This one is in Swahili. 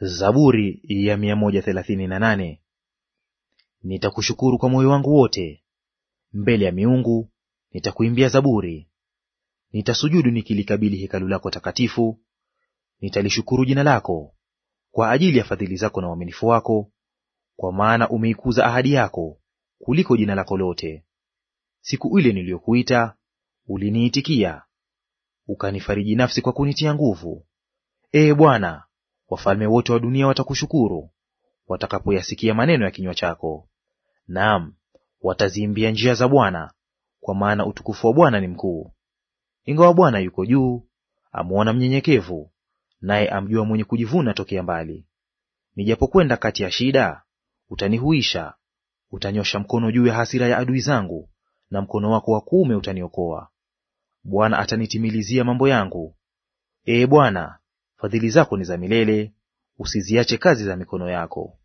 Zaburi ya 138. Nitakushukuru kwa moyo wangu wote, mbele ya miungu nitakuimbia zaburi. Nitasujudu nikilikabili hekalu lako takatifu, nitalishukuru jina lako kwa ajili ya fadhili zako na uaminifu wako, kwa maana umeikuza ahadi yako kuliko jina lako lote. Siku ile niliyokuita uliniitikia, ukanifariji nafsi kwa kunitia nguvu. Ee Bwana, wafalme wote wa dunia watakushukuru watakapoyasikia maneno ya kinywa chako. Naam, wataziimbia njia za Bwana, kwa maana utukufu wa Bwana ni mkuu. Ingawa Bwana yuko juu, amuona mnyenyekevu, naye amjua mwenye kujivuna tokea mbali. Nijapokwenda kati ya shida, utanihuisha; utanyosha mkono juu ya hasira ya adui zangu, na mkono wako wa kuume utaniokoa. Bwana atanitimilizia mambo yangu. Ee Bwana, Fadhili zako ni za milele, usiziache kazi za mikono yako.